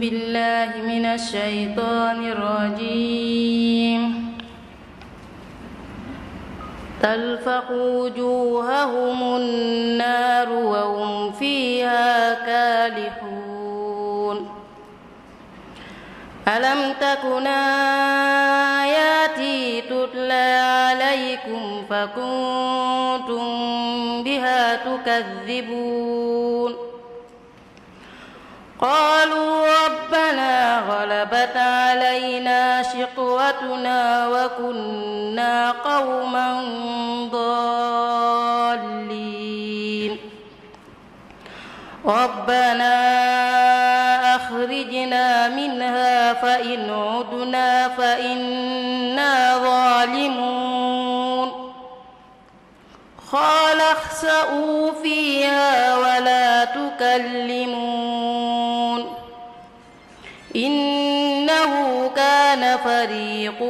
بالله من الشيطان الرجيم تلفق وجوههم النار وهم فيها كالحون ألم تكن آياتي تتلى عليكم فكنتم بها تكذبون قالوا ربنا غلبت علينا شقوتنا وكنا قوما ضالين ربنا أخرجنا منها فإن عدنا فإنا ظالمون قال اخسأوا فيها ولا تكلمون إنه كان فريق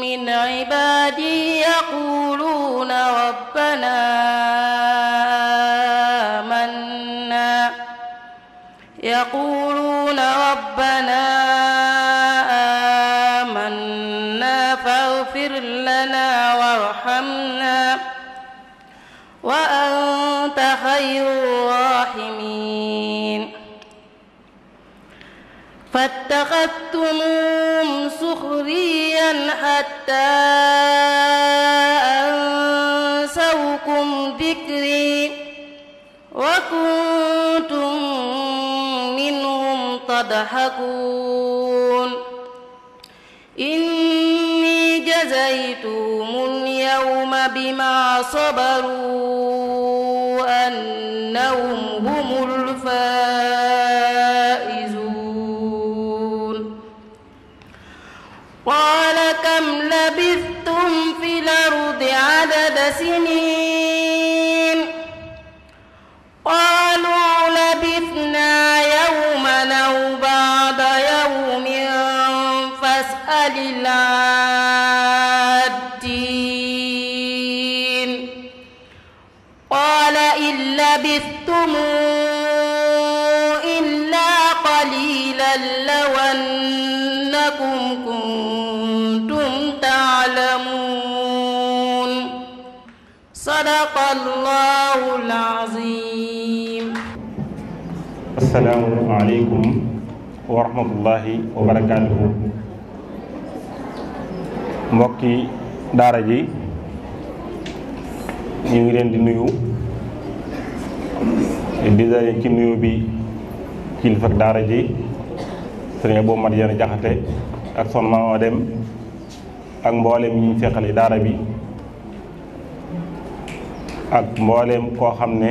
من عبادي يقولون ربنا آمنا يقولون اتخذتموهم سخريا حتى انسوكم ذكري وكنتم منهم تضحكون اني جزيتهم اليوم بما صبروا انهم هم الفاسقون سنين قالوا لبثنا يوما أو بعض يوم فاسأل الله sadaqallaahu al-aziim. aleykum wa rahmatullaahi mbokki daara ji ñu ngi leen di nuyu di daje ci nuyu bi kilifa daara ji sëriñ boobu Madiana Jaxate ak son maama dem ak mboolem ñi ñu feqal daara bi. ak mbooleem koo xam ne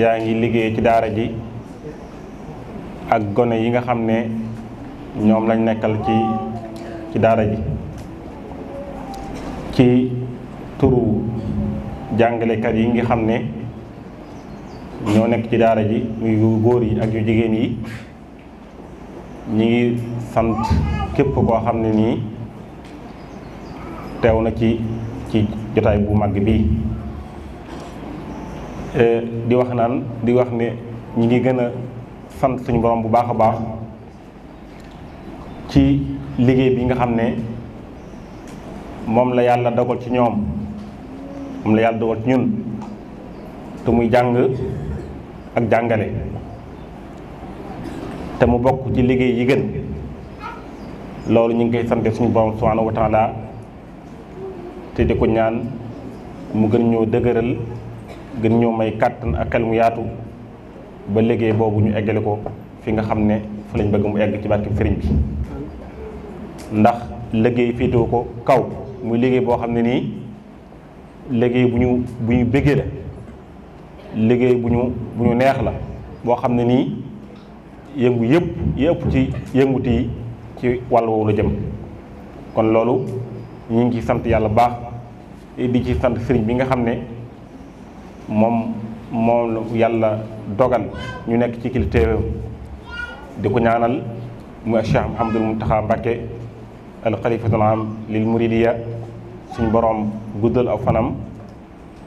yaa ngi liggéey ci daara ji ak gone yi nga xam ne ñoom lañ nekkal ci ci daara ji ci turu jàngalekat yi nga xam ne ñoo nekk ci daara ji muy góor yi ak yu jigéen yi ñi ngi sant képp koo xam ne nii teew na ci ci jotaay bu mag bii Euh, di wax naan di wax ne ñi ngi gën a sant suñu borom bu baax a baax ci liggéey bi nga xam ne moom la yàlla dogal ci ñoom moom la yàlla dogal ci ñun te muy jàng ak jàngale te mu bokk ci liggéey yi gën loolu ñu ngi koy sante suñu borom subhanahu wa taala te di ko ñaan mu gën ñoo dëgëral gën ñoo may kàttan ak xel mu yaatu ba liggéey boobu ñu eggale ko fi nga xam ne fa lañ bëgg mu egg ci barkeb sëriñ bi ndax liggéey féetewoo ko kaw muy liggéey boo xam ne nii liggéey bu ñu bu ñu bëggee la liggéey bu ñu bu ñu neex la boo xam ne nii yëngu yëpp yëpp ci yëngut yi ci wàll woowu jëm kon loolu ñu ngi ciy sant yàlla baax di ci sant sëriñ bi nga xam ne moom moom yàlla dogal ñu nekk ci kilifteefam di ko ñaanal mu Cheikh Mouhamadul Mountakha Mbacké al xalifatul am lil muridiya suñu boroom guddal aw fanam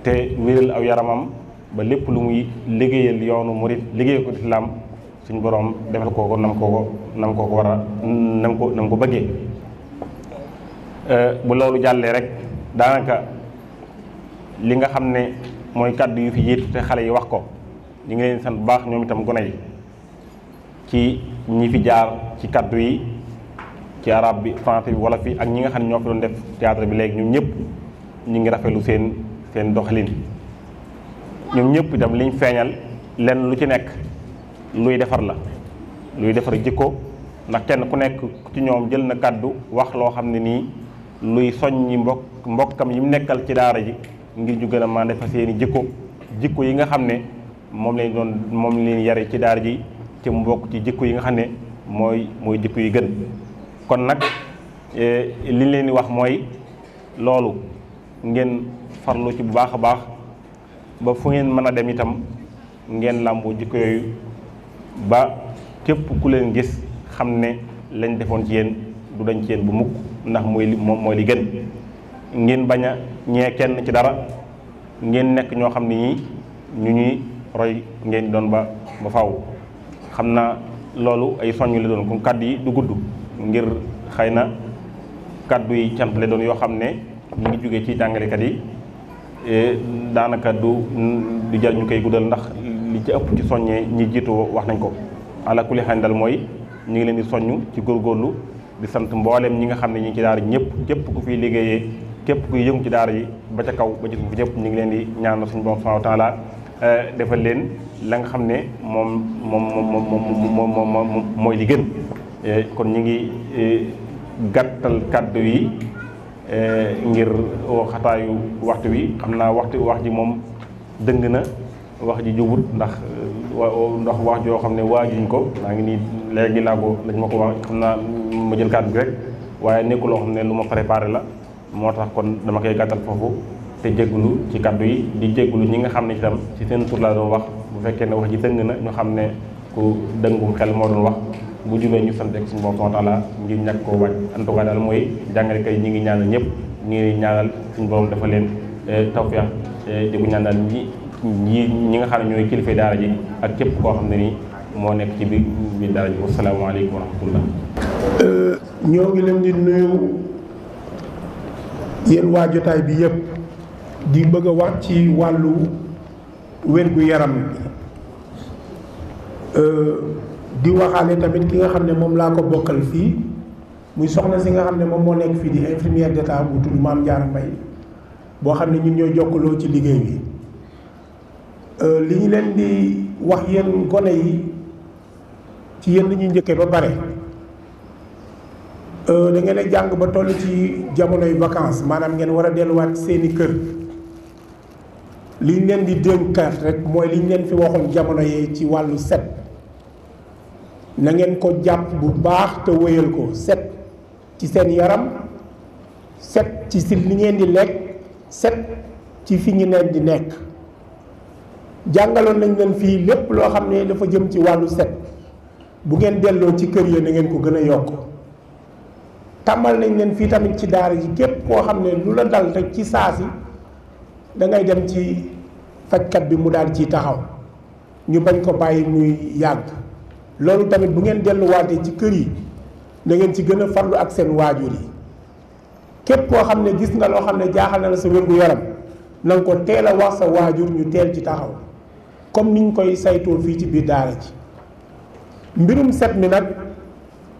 te wéral aw yaramam ba lépp lu muy liggéeyal yoonu murid liggéey ko lislaam suñu boroom defal ko ko nam ko ko nam ko ko nam ko nam ko bëggee euh, bu loolu jàllee rek daanaka li nga xam ne mooy kàddu yu fi jiitu te xale yi wax ko ñi nga leen sant bu baax ñoom itam gone yi ci ñi fi jaar ci kàddu yi ci arab bi français bi wolof bi ak ñi nga xam ne ñoo fi doon def théâtre bi léegi ñoom ñëpp ñu ngi lu seen seen doxalin ñoom ñëpp itam liñ feeñal lenn lu ci nekk luy defar la luy defar jikko ndax kenn ku nekk ci ñoom jël na kàddu wax loo xam ne nii luy soññi mbokk mbokkam yi mu nekkal ci daara ji ngir ñu gën a mànde fa seeni jikko jikko yi nga xam ne moom lañ doon moom leen yare ci daar ji ci mu bokk ci jikko yi nga xam ne mooy mooy jikko yi gën kon nag e, li leen di wax mooy loolu ngeen farlu ci bu baax a baax ba fu ngeen mën a dem itam ngeen làmboo jikko yooyu ba képp ku leen gis xam ne lañ defoon ci yéen du dañ ci bu mukk ndax mooy li moom mooy li gën ngeen bañ ñee kenn ci dara ngeen nekk ñoo xam ne ñii ñu ñuy roy ngeen doon ba ba xam na loolu ay soññ la doon comme kàdd yi du gudd ngir xëy na kàddu yi cant la doon yoo xam ne ñu ngi jógee ci jàngalekat yi e daanaka du du jar ñu koy guddal ndax li ci ëpp ci soññee ñi jiitu wax nañ ko ala kulli xaal dal mooy ñu ngi leen di soññ ci góorgóorlu di sant mboolem ñi nga xam ne ñi ci daara ñëpp képp ku fiy liggéeyee képp kuy yëngu ci daara yi ba ca kaw ba ci suuf ñëpp ñu ngi leen di ñaanal suñu borom subhanahu wa taala eh, defal leen la nga xam ne moom moom moom moom moom moom mooy li gën eh, kon ñu ngi eh, gàttal kàddu yi ngir xataayu waxtu wi xam naa waxtu wax ji moom dëng na wax ji jubut ndax ndax wax joo xam ne waajuñ ko maa ngi nii léegi laa ko lañ ma ko wax xam naa ma jël kàddu gi rek waaye nekku loo xam ne lu ma préparé la moo tax kon dama koy gàttal foofu te jéggulu ci kàddu yi di jéggulu ñi nga xam ne itam ci seen tur laa doon wax bu fekkee ne wax ji dëng na ñu xam ne ku dëngum xel moo doon wax bu jubee ñu sant ak suñu bopp wa taala ngir ñàkk koo wàcc en tout cas daal mooy jàngalekat yi ñi ngi ñaanal ñëpp ñi ngi ñaanal suñu borom dafa leen eh, tawfeex eh, di ko ñaan daal ñi ñi nga xam ne ñooy kilifa daara ji ak képp koo xam ne nii moo nekk ci biir biir daara ji wasalaamaaleykum wa rahmatullah eh, ñoo ngi leen di nuyu yéen waa jotaay bi yëpp di bëgg a wax ci wàllu wér-gu-yaram bi euh, di waxaale tamit ki nga xam ne moom laa ko bokkal fii muy soxna si nga xam ne moom moo nekk fii di infirmière d'état bu tudd Maam Jaara Mbay boo xam ne ñun ñoo jokkaloo ci liggéey bi euh, li ñu leen di wax yenn gone yi ci yéen la ñuy njëkkee ba bare da eh, ngeen jang ba tollu ci yi vacances manam ngeen wara delu wat seeni keur li ngeen di dénkaat rek moy li ngeen fi waxon jamono yi ci walu set na ngeen ko japp bu baax te weyel ko set ci seen yaram set ci sil ni ngeen di lek, set ci fi ngi neen di nek, jangalon nañ leen lek lepp lo xamne dafa jëm ci walu set bu ngeen delo ci keur ya, na ngeen ko gëna yokko tàmbal nañ leen fii tamit ci daara ji képp koo xam ne lu la dal rek ci saa da dangay dem ci fajkat bi mu daal ci taxaw ñu bañ ko bàyyi muy yàgg loolu tamit bu ngeen delluwaatee ci kër yi da ci gën a farlu ak seen waajur yi képp koo xam ne gis nga loo xam ne jaaxal na la sa wér-gu-yaram na ko teel a wax sa waajur ñu teel ci taxaw comme niñ koy saytoo fii ci biir daara ji mbirum set mi nag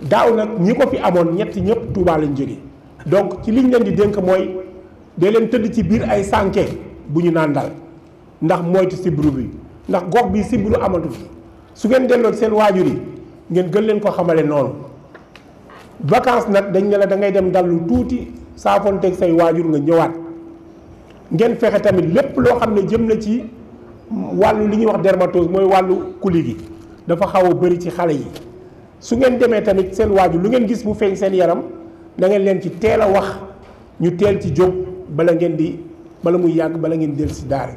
daaw nag ñi ko fi amoon ñett ñëpp Touba lañ jógee donc ci liñ leen di dénk mooy de leen tëdd ci biir ay sànke bu ñu naan dal ndax moytu sibbiru bi ndax gox bi sibbiru amatu fi su ngeen delloo seen waajur yi ngeen gën leen ko xamale noonu vacances nag dañ la da ngay dem dallu tuuti saafonteeg say waajur nga ñëwaat ngeen fexe tamit lépp loo xam ne jëm na ci wàllu li ñuy wax dermatose mooy wàllu kuli gi dafa xaw a bëri ci xale yi su ngeen demee tamit seen waajur lu ngeen gis mu feeñ seen yaram na ngeen leen ci teel a wax ñu teel ci jóg bala ngeen di bala muy yàgg bala ngeen del si daara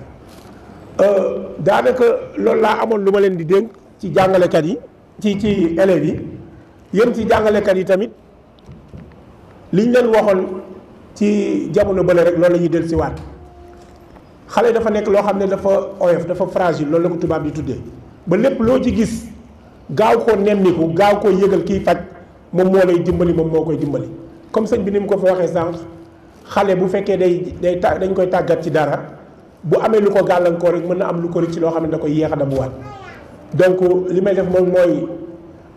euh, daanaka loolu laa amoon lu ma leen di dénk ci jàngalekat yi ci ci élèves yi yéen ci jàngalekat yi tamit liñ leen waxoon ci jamono bële rek loolu la ñuy del si waat xale dafa nekk loo xam ne dafa oyof dafa fragile loolu la ko tubaab di tuddee ba lépp loo ci gis gaaw koo nemmiku gaaw koo yëgal kiy faj moom moo lay dimbali moom moo koy dimbali comme sëñ bi ni mu ko fa waxee sànq xale bu fekkee day day ta dañ koy tàggat ci dara bu amee lu ko gàllankoor rek mën na am lu ko rëcc ci loo xam ne da koy yéex a damuwaat donc li may def moom mooy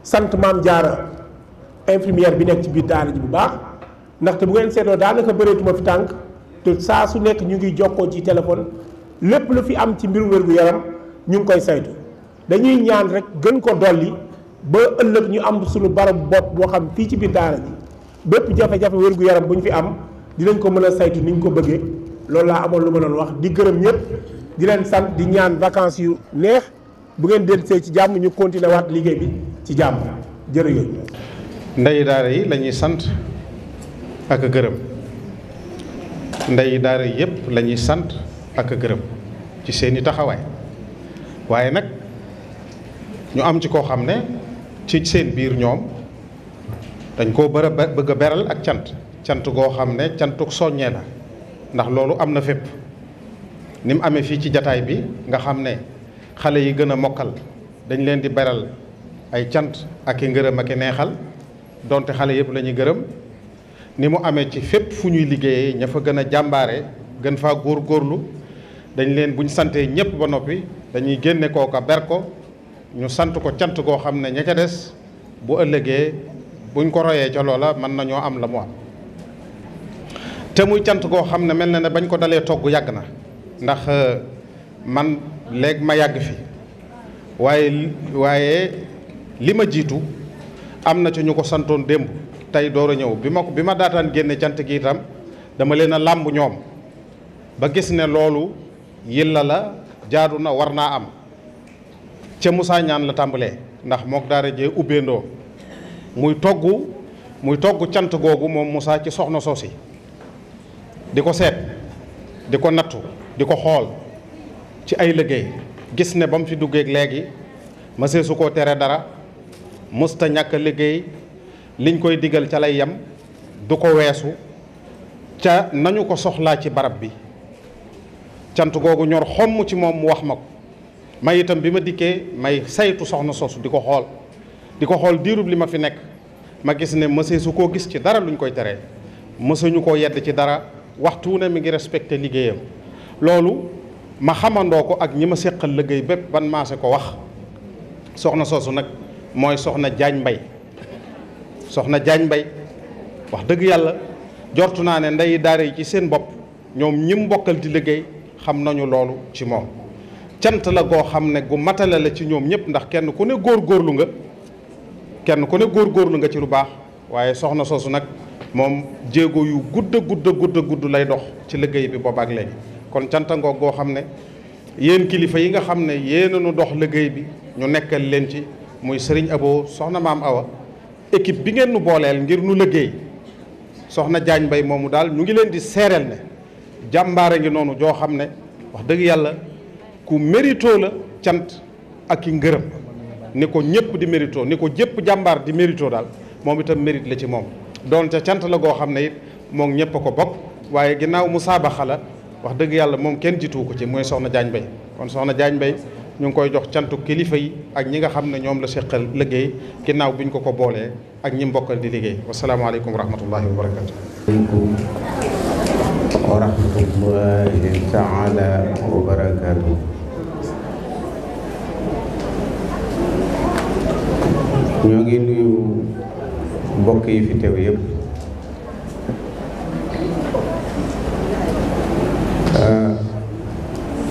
sant maam jaara infirmière bi nekk ci biir daara ji bu baax ndaxte bu ngeen seetoo daanaka bëreetuma fi tànk te saa su nekk ñu ngi jokkoo ci téléphone lépp lu fi am ci mbirum wér gu ñu ngi koy saytu dañuy ñaan rek gën ko dolli ba ëllëg ñu am sunu barab bopp boo xam fii ci biir daara ji bépp jafe-jafe wér-gu-yaram bu ñu fi am dinañ ko mën a saytu ni ñu ko bëggee loolu laa amoon lu ma doon wax di gërëm ñëpp di leen sant di ñaan vacances yu neex bu ngeen dellu see ci jàmm ñu continuer waat liggéey bi ci jàmm jër jërëjëf. ndeyu daara yi lañuy ñuy sant ak gërëm ndeyu daara yëpp lañuy ñuy sant ak gërëm ci seeni taxawaay waaye nag. ñu am ci koo xam ne ci seen biir ñoom dañ koo bëra bëgg a beral ak cant cant goo xam ne cantuk soññee la ndax loolu am na fépp ni mu amee fii ci jataay bi nga xam ne xale yi gën a mokkal dañ leen di beral ay cant ak i ngërëm ak i neexal donte xale yëpp la ñuy gërëm ni mu amee ci fépp fu ñuy liggéeyee ña fa gën a jàmbaare gën faa góor góorlu dañ leen buñ santee ñëpp ba noppi dañuy génne kooka ber ko ñu sant ko cant goo xam ne ña ca des bu ëllëgee buñ ko royee ca loola mën nañoo am la mu am te muy cant goo xam ne mel na ne bañ ko dalee togg yàgg na ndax euh, man léegi ma yàgg fi waaye waaye li ma jiitu am na ca ñu ko santoon démb tey door a ñëw bi ma ko bi ma daataan génne cant gi itam dama leen a làmb ñoom ba gis ne loolu yilla la jaadu na war naa am ca Moussa ñaan la tàmbalee ndax mook daara jee ubbeendoo muy togg muy togg cant googu moom Moussa ci soxna soosi di ko seet di ko nattu di ko xool ci ay liggéey gis ne ba mu fi duggeek léegi ma seesu koo tere dara mësta ñàkk liggéey liñ koy digal ca lay yem du ko weesu ca nañu ko soxlaa ci barab bi cant googu ñor xomm ci moom mu wax ma ko mayitam bi ma dikkee may saytu soxna soosu di ko xool di ko xool diirub li ma fi nekk ma gis ne mësee su koo gis ci dara luñ koy teree mësuñu koo yedd ci dara waxtu ne mi ngi respecté liggéeyam loolu ma xamandoo ko ak ñi ma séqal liggéey bépp ban maase ko wax soxna soosu nag mooy soxna Jaañ Mbay soxna Jaañ Mbay wax dëgg yàlla jortu naa ne ndey daara yi ci seen bopp ñoom ñim bokkal di liggéey xam nañu loolu ci moom cant la goo xam ne gu matale la ci ñoom ñëpp ndax kenn ku ne góor góorlu nga kenn ku ne góor góorgóorlu nga ci lu baax waaye soxna soosu nag moom jéego yu gudd gudd gudd gudd lay dox ci liggéey bi boobaak léegi kon cantangoog goo xam ne yéen kilifa yi nga xam ne yéen nu dox liggéey bi ñu nekkal leen ci muy sëriñ Abo soxna maam Awa équipe bi ngeen nu booleel ngir nu liggéey soxna Jaañ Mbay moomu daal ñu ngi leen di seereel ne jàmbaara ngi noonu joo xam ne wax dëgg yàlla ku mérito la cant ak ki ngërëm ni ko ñëpp di mérito ni ko jëpp jàmbaar di mérito daal moom itam mérite la ci moom doonte cant la goo xam ne it moom ñëpp a ko bokk waaye ginnaaw mu saabaxa la wax dëgg yàlla moom kenn jiitu ko ci mooy soxna jaañ Mbaye kon soxna jaañ Mbaye ñu ngi koy jox cantu kilifa yi ak ñi nga xam ne ñoom la seqal liggéey ginnaaw bi ñu ko ko boolee ak ñi mbokkal di liggéey wasalaamaaleykum wa rahmatullahi wa barakatu aleykum wa rahmatullahi ñoo ngi nuyu mbokk yi fi tew yépp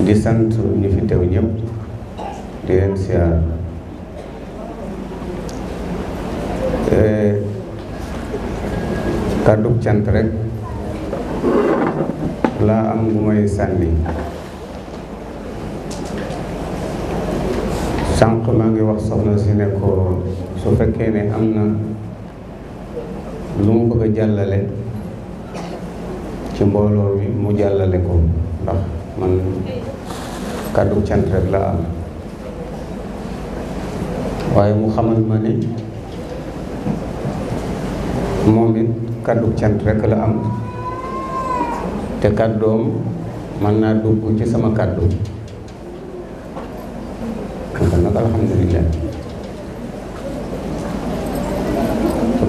di sant ñu fi tew ñépp di leen siyaar eh, kàddug cant rek laa am bu may sànni sànq maa ngi wax soxna si ne ko su fekkee ne am na lu mu bëgg a jàllale ci mbooloo mi mu jàllale ko ndax man kàddu cant rek la am waaye mu xamal ma ne moom kàddu cant rek la am te kàddoom mën naa dugg ci sama kàddu kon nag alhamdulilah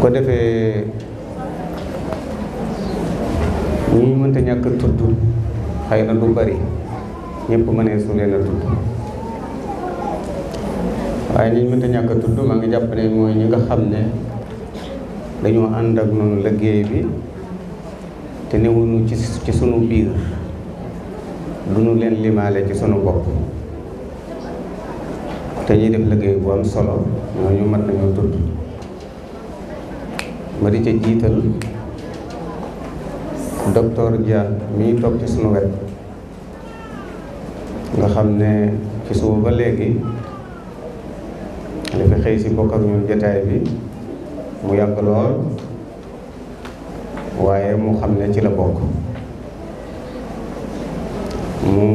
ko defé ñi mënta ñàkk tudd xëy lu bari ñepp mëne su leena a tudd waaye ñi mënta ñàkk tudd ma nga japp né moy ñi nga xamné dañu and ak non liggéey bi te newuñu ci ci sunu biir duñu leen limalé ci sunu bop té ñi def liggéey bu am solo ñooñu mat ñu tudd मरी मरीज जीतल डॉक्टर ज्ञान मी टॉप तो किसन वह हमने किसी बल्लेगी कई बोकर जटाए भी मुयाल वाय मु हमने चिल बोक मु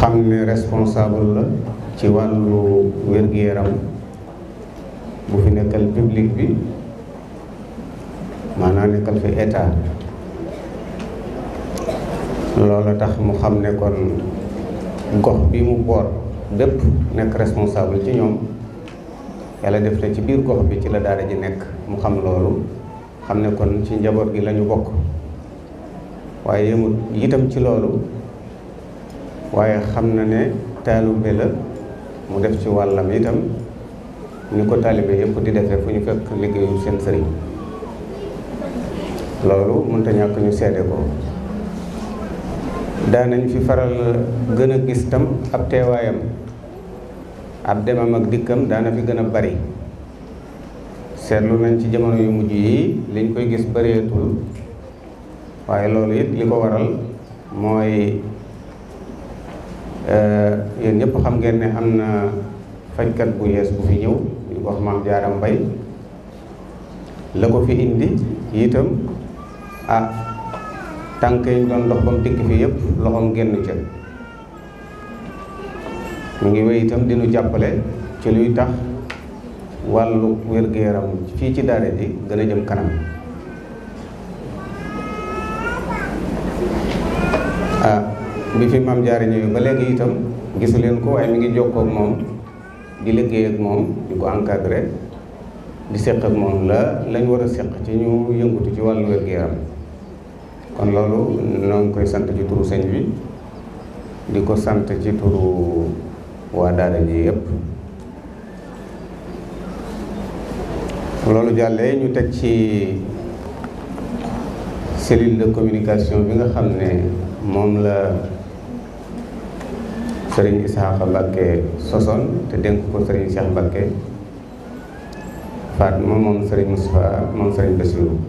हमने रेस्पॉन्साबल चिवालू वर्गीय रंग bu fi nekkal public bi maanaam nekkal fi état loola tax mu xam ne kon gox bi mu boor bépp nekk responsable ci ñoom yàlla def na ci biir gox bi ci la daara ji nekk mu xam loolu xam ne kon ci njaboot gi lañu bokk waaye yëmut itam ci loolu waaye xam na ne taalumbe la mu def ci wàllam itam ñu ko talibé yépp di défé fu ñu fekk liggéeyu seen sëriñ loolu mënta ñak ñu sédé ko daanañ fi faral gëna gis tam ab teewaayam ab demam ak dikkam daana fi gëna bari seetlu nañ ci jamono yu mujj yi liñ koy gis bareetul waaye loolu it li ko waral mooy eh, yéen ñëpp xam ngeen ne am na fajkat bu yees bu fi ñëw wax maam jaaram mbay la ko fi indi itam ah tànk yi doon dox ba mu dikk fi yëpp loxoom génn ca mu ngi wéy itam dinu jàppale ci luy tax wàllu wér-gu-yaram fii ci daara ji gën a jëm kanam ah bi fi maam jaari ba léegi itam gisuleen ko waaye mi ngi jokkoo moom di liggéey ak moom di ko encadré di seq ak moom la lañ war a seq ci ñu yëngutu ci wàllu wér-gu-yaram kon loolu noo ngi koy sant ci turu sëñ bi di ko sant ci turu waa daara yi yépp loolu jàllee ñu teg ci cellule de communication bi nga xam ne moom la sëriñ Isaaxa mbake soson te dénk ko sëriñ Cheikh Mbàkke Fatma mom sëriñ Moustapha mom sëriñ Bassirou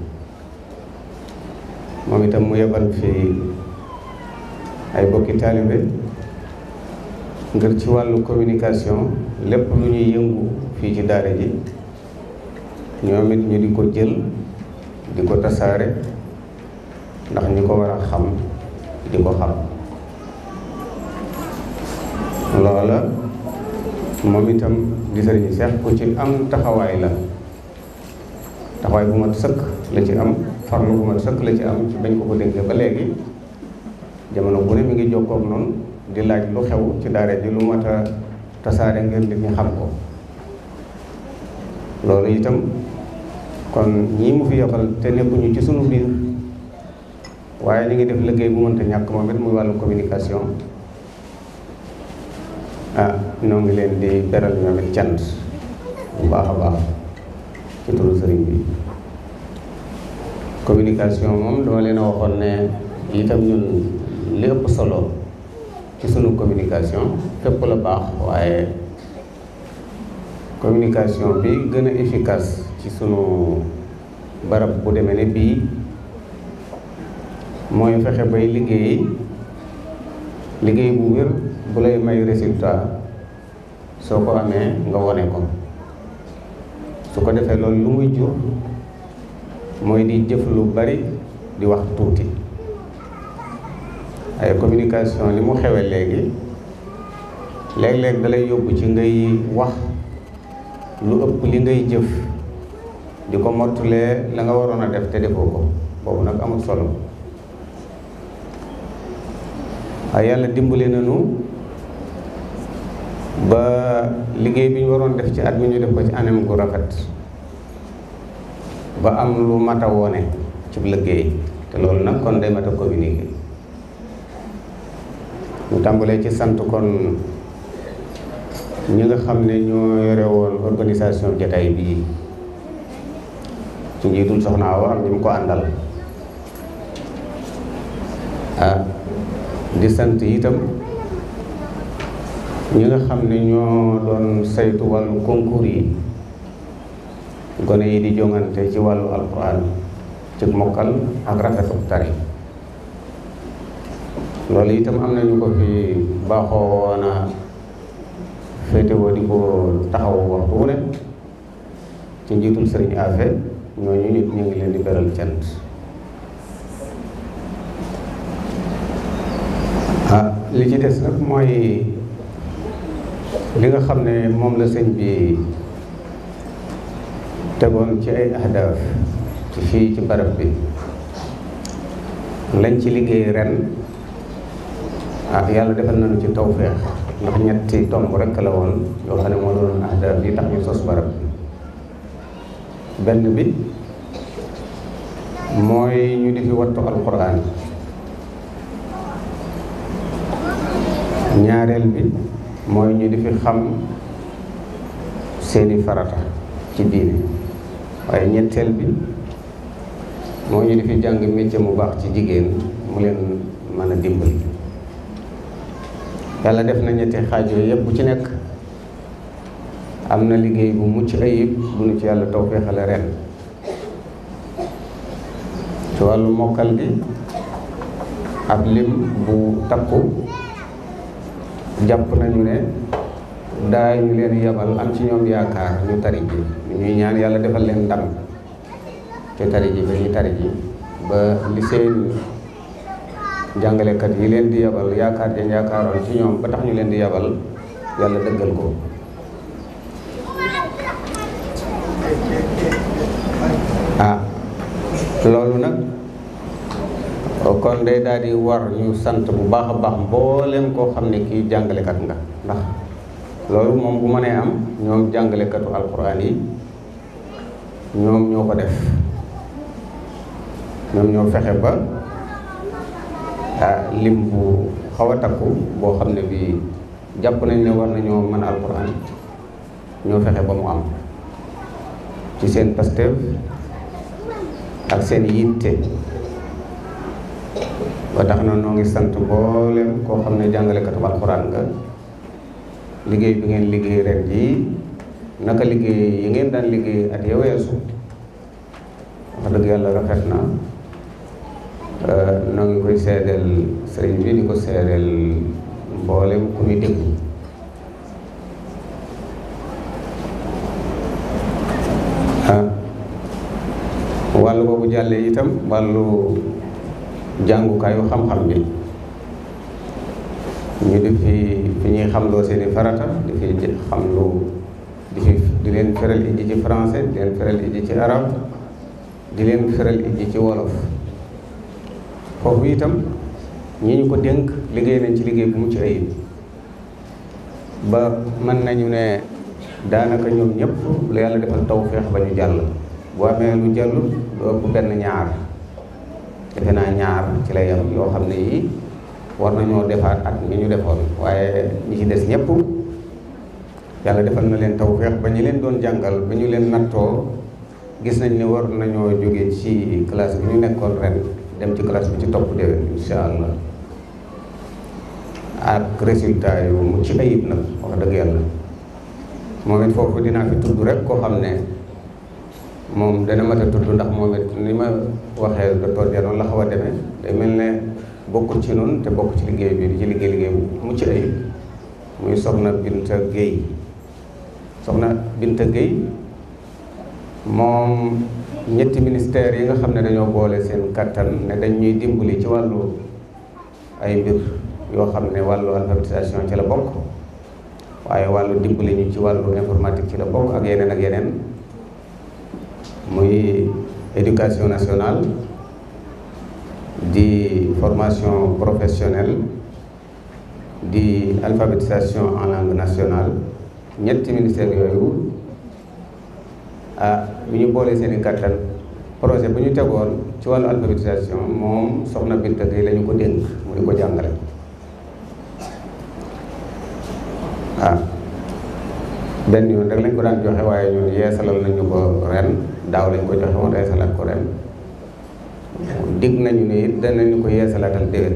mom itam mu yebal fi ay bokki talibé ngir ci walu communication lepp lu ñuy yëngu fi ci daara ji ñoomit ñu di jël di ko ndax ñu wara xam di xam loola moom itam di sëriñ Seex ku ci am taxawaay la taxawaay bu mat sëkk la ci am farlu bu mat sëkk la ci am ci bañ ko ko dénkee ba léegi jamono bu ne mi ngi jokkoog noonu di laaj lu xew ci daara ji lu mat tasaare ngir nit ñi xam ko loolu itam kon ñii mu fi yokkal te nekkuñu ci sunu biir waaye ñu ngi def liggéey bu mënta ñàkk moom it muy wàllu communication ah ñoo ngi leen di beral ñoom it bu baax a baax ci turu bi communication moom dama leen waxoon ne itam ñun li ëpp solo ci sunu communication fépp la baax waaye communication bi gën a efficace ci sunu barab bu demee ne bii mooy fexe bay liggéey liggéey bu wér bu lay may résultat soo ko amee nga wone ko su ko defee loolu lu muy jur mooy di jëf lu bari di wax tuuti ay communication li mu xewe léegi léeg-léeg da lay yóbbu ci ngay wax lu ëpp li ngay jëf di ko mottulee la nga waroon a def te defoo ko boobu nag amul solo ay yàlla dimbali nañu ba liggey biñu waron def ci at mi ñu def ko ci anam gu rafet ba am lu mata woné ci liggey té loolu nak kon day ko a communiqué ñu tambalé ci sant kon ñi nga xamné ne ñoo yore woon organisation jotaay bi ci njiitul soxna Awa am ñu mu ko andal ah di sant itam ñi nga xam ne ñoo doon saytu walu concours yi gone yi di jongante ci walu alquran ci mokal ak rafetu tari lolu itam amna ñu ko fi baxo woon fete wo di ko taxaw waxtu wone ci ci serigne afé Afe ñu nit ñi ngi leen di beral cant ah li ci dess nak moy li nga xamne ne la señ bi tegoon ci ay ahdaf ci fi ci barab bi lañ ci liggéey ren ah yalla defal nañu ci tawfiq ndax ñetti tomb rek la won yo xamne mo doon ahdaf yi tax ñu sos barab bi benn bi moy ñu di fi wattu alquran ñaarel bi moy ñu di fi xam seeni farata ci diine waye ñettel bi moy ñu di fi jang métier mu baax ci jigéen mu leen mëna dimbali yalla def na ñetti xajjo yépp bu ci nek amna liggéey bu mucc ayib bu ñu ci yàlla tawféexale ren ci walu mokal bi ab lim bu takku jàpp nañu ne daay ñu leen yabal am ci ñoom yaakaar ñu tari ji ñuy ñaan yàlla defal leen ndam ci tari ji ba ñuy tari ji ba li seen jàngalekat yi leen di yabal yaakaar dañ yaakaaroon ci ñoom ba tax ñu leen di yabal yàlla dëggal ko ah loolu nag kon day daal war ñu sant bu baax a baax mbooleem koo xam ne kii jàngalekat nga ndax loolu moom bu mënee am ñoom jàngalekatu alxuraan yi ñoom ñoo ko def ñoom ñoo fexe ba ah lim bu xaw a takku boo xam ne bii jàpp nañ ne war nañoo mën alxuraan ñoo fexe ba mu am ci seen pasteef ak seen yitte. ba tax na no ngi sant bolem ko xamne jangale kat alquran nga liggey bi ngeen liggey rek jii naka liggey yi ngeen dan liggey at yewesu wax deug yalla rafet na no ngi koy sédel serigne bi diko sédel bolem ku walu bobu jalle itam walu jàngukaayu xam-xam bi ñu di fi fi ñuy xamloo seeni farata di fi xamloo di fi di leen feral iji ci français di leen feral iji ci arab di leen feral iji ci wolof foofu itam ñi ñu ko dénk liggéey nañ ci liggéey bu mucc ayib ba mën nañu ne daanaka ñoom ñëpp lu yàlla defal feex ba ñu jàll boo amee lu jàll lu ëpp benn ñaar defena ñaar ci lay yam yoo xam yi war nañu defaat ak ah, ñu defoon waye ñi ci dess ñepp yalla defal na leen tawféex ba ñi leen doon jangal ba ñu leen natto gis nañ ne war nañu joge ci classe bi ñu nekkoon ren dem ci classe bi ci top de inshallah ak resultat yu mu ci ayib nag wax deug yalla momit fofu dina fi tuddu rek ko xamne ne dana mata tuddu ndax momit ni ma waxee docteur Dia noonu la xaw a demee day mel ne bokkul ci noonu te bokk ci liggéey bi di ci liggéey liggéey mu mucc ayib muy Soxna Binta Guèye Soxna Binta Guèye moom ñetti ministère yi nga xam ne dañoo boole seen kattan ne dañ ñuy dimbali ci wàllu ay mbir yoo xam ne wàllu alphabétisation ci la bokk waaye wàllu dimbali ñu ci wàllu informatique ci la bokk ak yeneen ak yeneen muy. éducation nationale di formation professionnelle di alphabétisation en langue nationale ñetti ministère yooyu ah bu ñu boolee seeni projet bu ñu tegoon ci wàllu alphabétisation moom soxna Binta Gueye la ko dénk mu ko benn yoon rek lañ ko daan joxe waaye ñun yeesalal nañu ko ren daaw lañ ko joxe woon yeesalaat ko ren dig nañu ne it danañu ko yeesalaatal déwén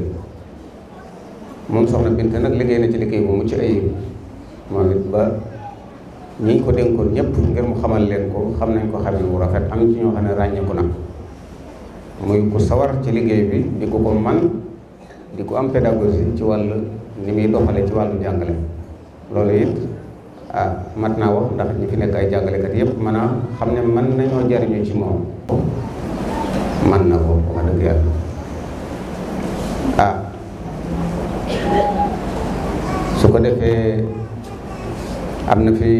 moom soxna Binta nag liggéey na ci liggéey bu mucc ayib moom ba ñi ko dénkoon ñëpp ngir mu xamal leen ko xam nañ ko xamin wu rafet am ci ñoo xam ne ràññeeku na muy ku sawar ci liggéey bi di ko ko man di ko am pédagogie ci wàll ni muy doxale ci wàllu jàngale loolu it ah mat naa wax ndax ñi fi nekk ay jàngalekat yëpp mën a xam ne man nañoo jariñu ci moom man na ko wax dëgg yàlla ah su ko defee am na fi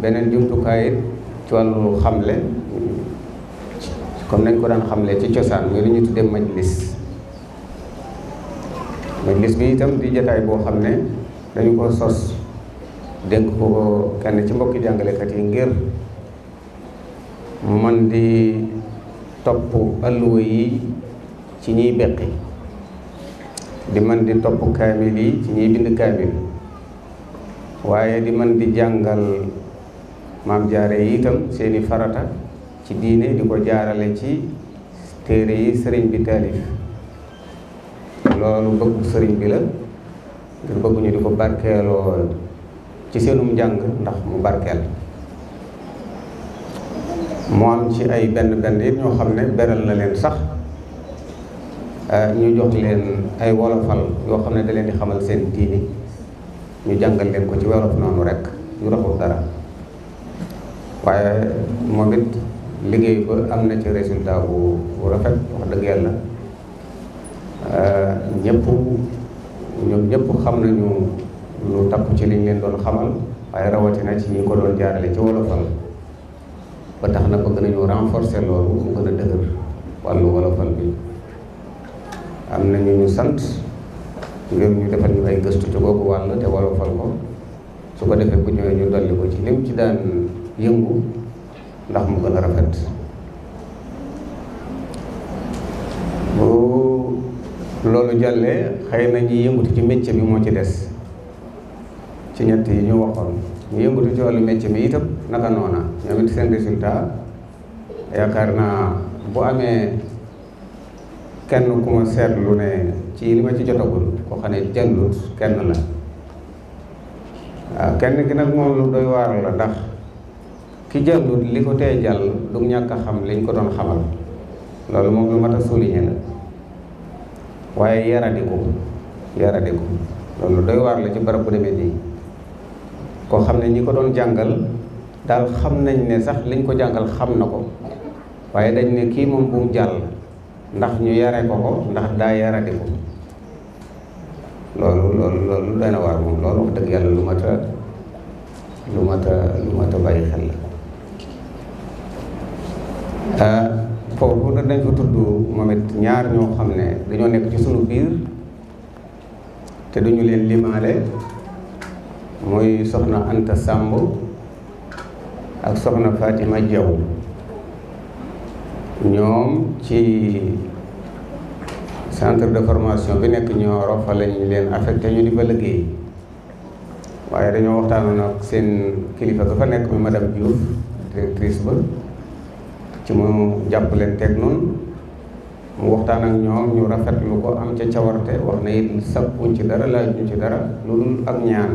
beneen jumtukaay it ci xamle comme nañ ko daan xamle ci cosaan muy lu ñu tuddee majlis majlis bi itam di jataay boo xam ne dañu ko sos dengko ko kenn ci jangale kat yi ngir man di top alluwa yi ci ñi bekk di man di top kamil yi ci ñi bind kamil waye di man di jangal mam jaare yi tam seeni farata ci diine di ko jaarale ci téere yi serigne bi talif lolu bëgg serigne bi la ngir ñu di ko ci seenum njàng ndax mu barkeel moo am ci ay benn benn it ñoo xam ne beral na leen sax euh, ñu jox leen ay wolofal yoo xam ne da leen di xamal seen diini ñu jàngal leen ko ci wolof noonu rek ñu raxul dara waaye moom it liggéey ba am na ci résultat bu bu rafet wax dëgg yàlla euh, ñëpp ñoom ñëpp xam nañu ñu takku ci liñ leen doon xamal waaye rawatina ci ñi ko doon jaarale ci wolofal ba tax na ko nañu a ñu renforcer loolu mu gën a dëgër wàllu wolofal bi am na ñu ñu sant ngir ñu defal ñu ay gëstu ci googu wàll te wolofal ko su ko defee bu ñëwee ñu dolli ko ci lim ci daan yëngu ndax mu gën a rafet bu loolu jàllee xëy na ñi yëngutu ci métier bi moo ci des ci ñett yi ñu waxoon ñu yëngatu ci wàllu métier mi itam naka noona ñoom it seen résultat yaakaar naa bu amee kenn ku ma seetlu ne ci li ma ci jotagul koo xam ne jàllut kenn la kenn ki nag moom lu doy waar la ndax ki jàllut li ko tee jàll du ñàkk a xam liñ ko doon xamal loolu moom lu mat a souligné la waaye yaradiku yaradiku loolu doy waar la ci barab bu demee nii koo xam ne ñi ko doon jàngal daal xam nañ ne sax liñ ko jàngal xam na ko waaye dañ ne kii moom bu mu jàll ndax ñu yare ko ko ndax daa yaradi ko loolu loolu loolu doy na waar moom loolu wax lu mat a lu mat a lu mat a ah, dañ ko tudd moom it ñaar ñoo xam ne dañoo nekk ci sunu biir te duñu leen limaale moy soxna Anta Sàmb ak soxna Fatima Jaw ñom ci centre de formation bi nekk Nioro fa lañ leen affecté ñu di fa liggéey waye dañu waxtaan nak seen kilifa ko fa nek moy madame Diouf directrice ba ci mo japp leen tek noonu mu waxtaan ak ñoom ñu rafetlu ko am ci ciawarte wax na it sappu ci dara la ñu ci dara loolu ak ñaan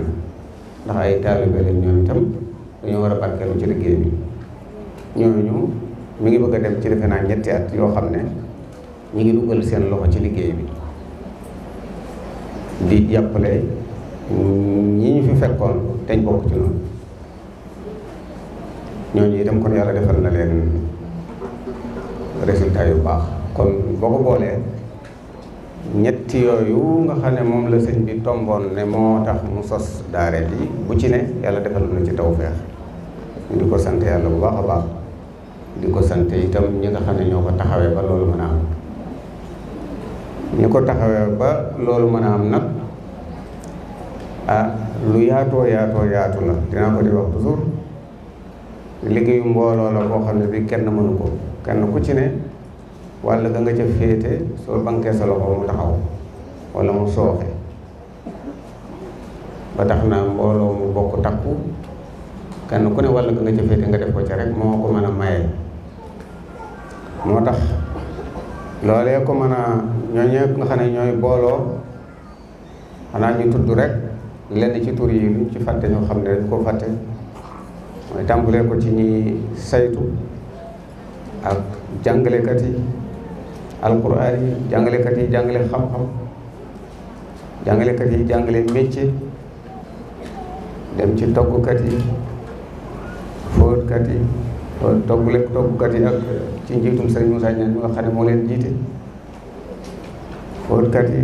ndax ay taalibe lañ ñoom itam dañoo war a barkeelu ci liggéey bi ñooñu mi ngi bëgg a dem ci defe naa ñetti at yoo xam ne ñu ngi dugal seen loxo ci liggéey bi di jàppale ñi ñu fi fekkoon te ñu bokk ci noonu ñooñu itam kon yàlla defal na leen résultat yu baax kon boo ko boolee ñetti yooyu nga xam ne moom la sëñ bi tomboon ne moo tax mu sos daara ji bu ci ne yàlla defal na ci tawfeex ñu di ko sant yàlla bu baax a baax di ko sant itam ñi nga xam ne ñoo ko taxawee ba loolu mën a am ñi ko taxawee ba loolu mën a am nag ah lu yaatoo yaatoo yaatu la dinaa ko di wax toujours liggéeyu mbooloo la boo xam ne bi kenn mënu ko kenn ku ci ne walla ga nga ca féete soo bankee sa loxo mu taxaw walla mu sooxe ba tax naa mbooloo mu bokk takku kenn ku ne walla ga nga ca féete nga def ko ca rek moo ko mën a maye moo tax loolee ko mën a ñooñee nga xam ne ñooy booloo xanaa ñu tudd rek lenn ci tur yi luñ ci fàtte ñoo xam ne dañ koo fàtte mooy tàmbalee ko ci ñi saytu ak jàngalekat yi alquran yi jàngalekat yi jàngale xam-xam jàngalekat yi jàngale métier dem ci toggkat yi fóotkat yi toggule toggkat yi ak ci njiitum sëriñ Moussa Niane mi nga xam ne moo leen jiite fóotkat yi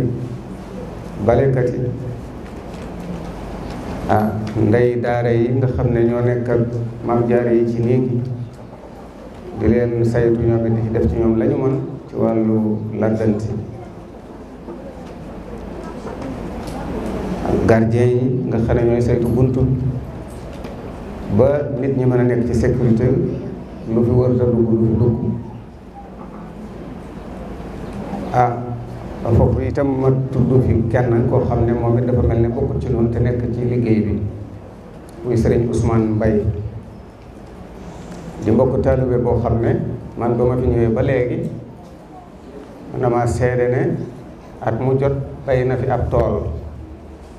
balekat yi ah ndey daara yi nga xam ne ñoo nekk ak maam jaare yi ci néeg yi di leen saytu ñoom di def ci ñoom la ñu wàllu làgganti ak gardien yi nga xam ñooy saytu buntu ba nit ñi mën a nekk ci sécurité lu fi warut a dugg lu fi dugg ah foofu itam ma tudd fi kenn koo xam ne moom it dafa mel ne bokkut ci noonu te nekk ci liggéey bi muy sëriñ Ousmane Mbaye di mbokk taalibe boo xam ne man ba ma fi ñëwee ba léegi dama seede ne at mu jot bay na fi ab tool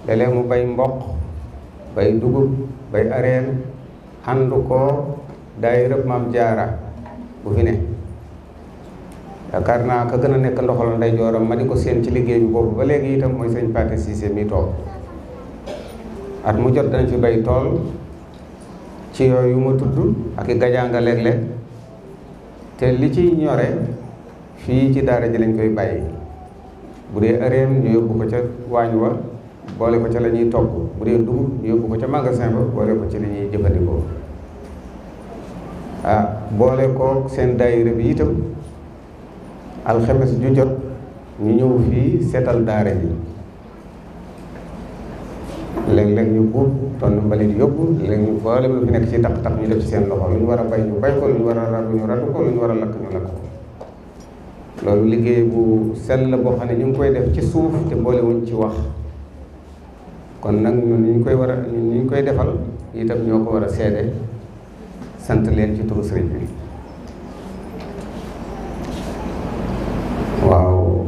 léeg mu bay mboq bay dugub bay areen ànd ko day rëb maam jaara bu fi ne yaakaar naa ka gën a nekk ndoxal nday jooram ma di ko seen ci liggéey bi boobu ba léegi itam mooy sëñ Paate Siise mi tool at mu jot dañ fi bay tool ci yooyu ma tudd ak i gajaanga léeg-léeg te li ci ñore fi ci daara ji lañ koy bayyi bu dee areem ñu yóbbu ko ca waañ wa boole ko ca lañuy ñuy togg bu dee dugub ñu yóbbu ko ca magasin ba boole ko ci la ñuy jëfandikoo ah boole ko seen daayira bi itam alxemes ju jot ñu ñëw fii seetal daara ji léeg-léeg ñu buub tonn mbalit yóbbu léeg ñu boole lu fi nekk ci tax tax ñu def ci seen loxo lu ñu war a bay ñu bay ko lu ñu war a ràddu ñu ràddu ko lu ñu war a lakk ñu lakk ko loolu liggéey bu sell la boo xam ne ñu ngi koy def ci suuf te boolewuñ ci wax kon nag ñun ñu koy war a ñun ñu koy defal itam ñoo ko war a seede sant leen ci turu sëriñ bi waaw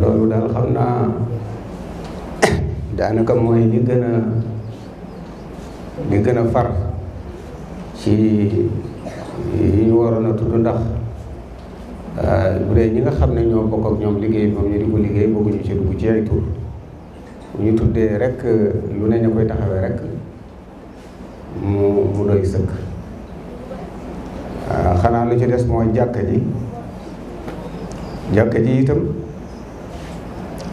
loolu daal xam naa daanaka mooy li gën a li gën a far ci ñu waroon a tudd ndax Euh, bu dee ñi nga xam ne ñoo bokk ak ñoom liggéey moom ñu di ko liggéey bëgguñu ci dugg ci ay tur bu ñu tuddee rek euh, lu ne ñu koy taxawee rek mu mu doy sëkk euh, xanaa lu ci des mooy jàkka ji jàkka ji itam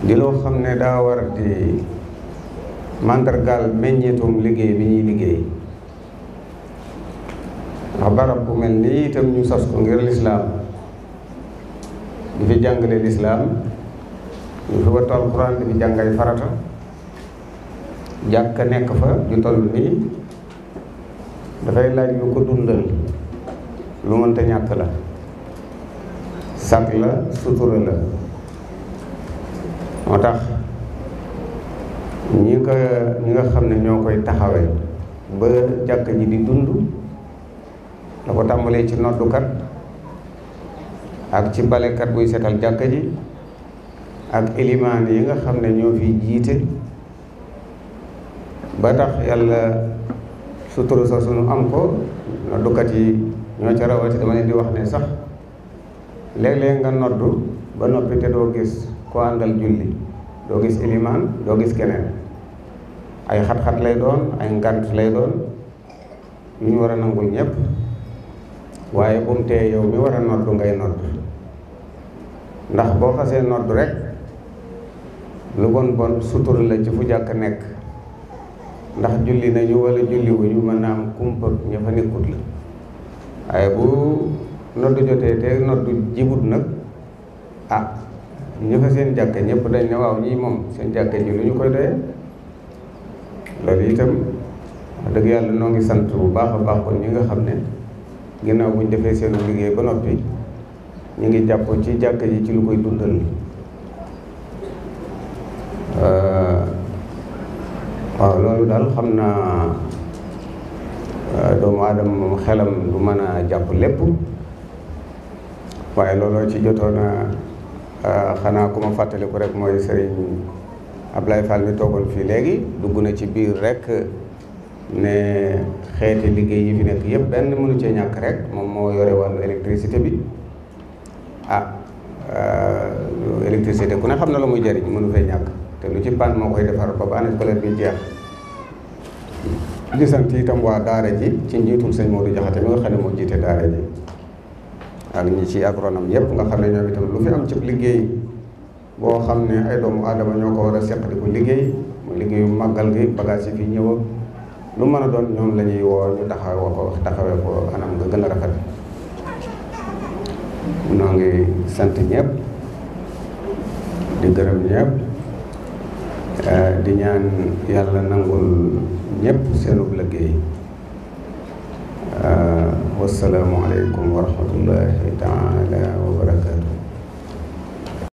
di loo xam ne daa war di màndargaal meññeetum liggéey bi ñuy liggéey ndax barab bu mel nii itam ñu sas ko ngir lislaam di fi jàngale l'islam ñu fi wattu alquran di fi jàngale farata jàkk nek fa ju ni da fay laaj yu ko dundal lu ta ñak la sak la sutura la motax ñi nga ñi nga xamne ne taxawé ba jàkk ñi di dundu da ko tambalé ci kat ak ci balekat buy setal jàkka ji ak ilimaan yi nga xam ne ñoo fi jiite ba tax yàlla sutura sa sunu am ko noddukat yi ñoo ca rawati dama leen di wax ne sax léeg-léeg nga noddu ba noppi te doo gis ko àndal julli doo gis ilimaan doo gis keneen ay xat-xat lay doon ay ngant lay doon ñu war a nangu ñëpp waaye bu te yow mi war a noddu ngay noddu ndax boo xasee nodd rek lu bon bon sutura la ci fu jàkk nekk ndax julli nañu walla julli wuñu mën naa am kumpa ña fa nekkut la waaye bu nodd jotee te nodd jibut nag ah ñu seen jàkk ñëpp dañ ne waaw ñii moom seen jàkka ji lu ñu koy doyee loolu itam wax dëgg yàlla noo ngi sant bu baax a baax kon ñi nga xam ne ginnaaw buñ defee seenu liggéey ba noppi ñu ngi jàpp ci jàkka ji ci lu koy dundal euh, waaw loolu daal xam naa euh, doomu aadama moom xelam du mën a jàpp lépp waaye looloo ci jotoona euh, xanaa ku ma fàttaliku rek mooy sëriñ Ablaye Fall mi toogoon fii léegi dugg na ci biir rek ne xeeti liggéey yi fi nekk yëpp benn mënu cee ñàkk rek moom moo yore wàllu électricité bi Euh, électricité ku ne xamna la muy jariñ mënu fay ñak té lu ci pan mo koy défar ba ban ko scolaire bi jeex di sant itam wa daara ji ci njiitum sëñ Modou Jaxate mi nga xamne ne jité daara ji ak ñi ci agronom yépp nga xamne ne ñoom itam lu fi am ci liggéey bo xamne ay doomu adama ñoo ko war a di ko liggéey mu liggéeyu magal gi bagage yi fi ñëw lu mëna doon ñoom lañuy wo ñu taxawee ko taxawé ko anam nga gëna rafet noo ngi sant ñëpp di gërëm ñëpp eh, di ñaan yàlla nangul ñëpp seenub liggéey eh, wasalaamualeykum wa rahmatullahi taala wa barakatu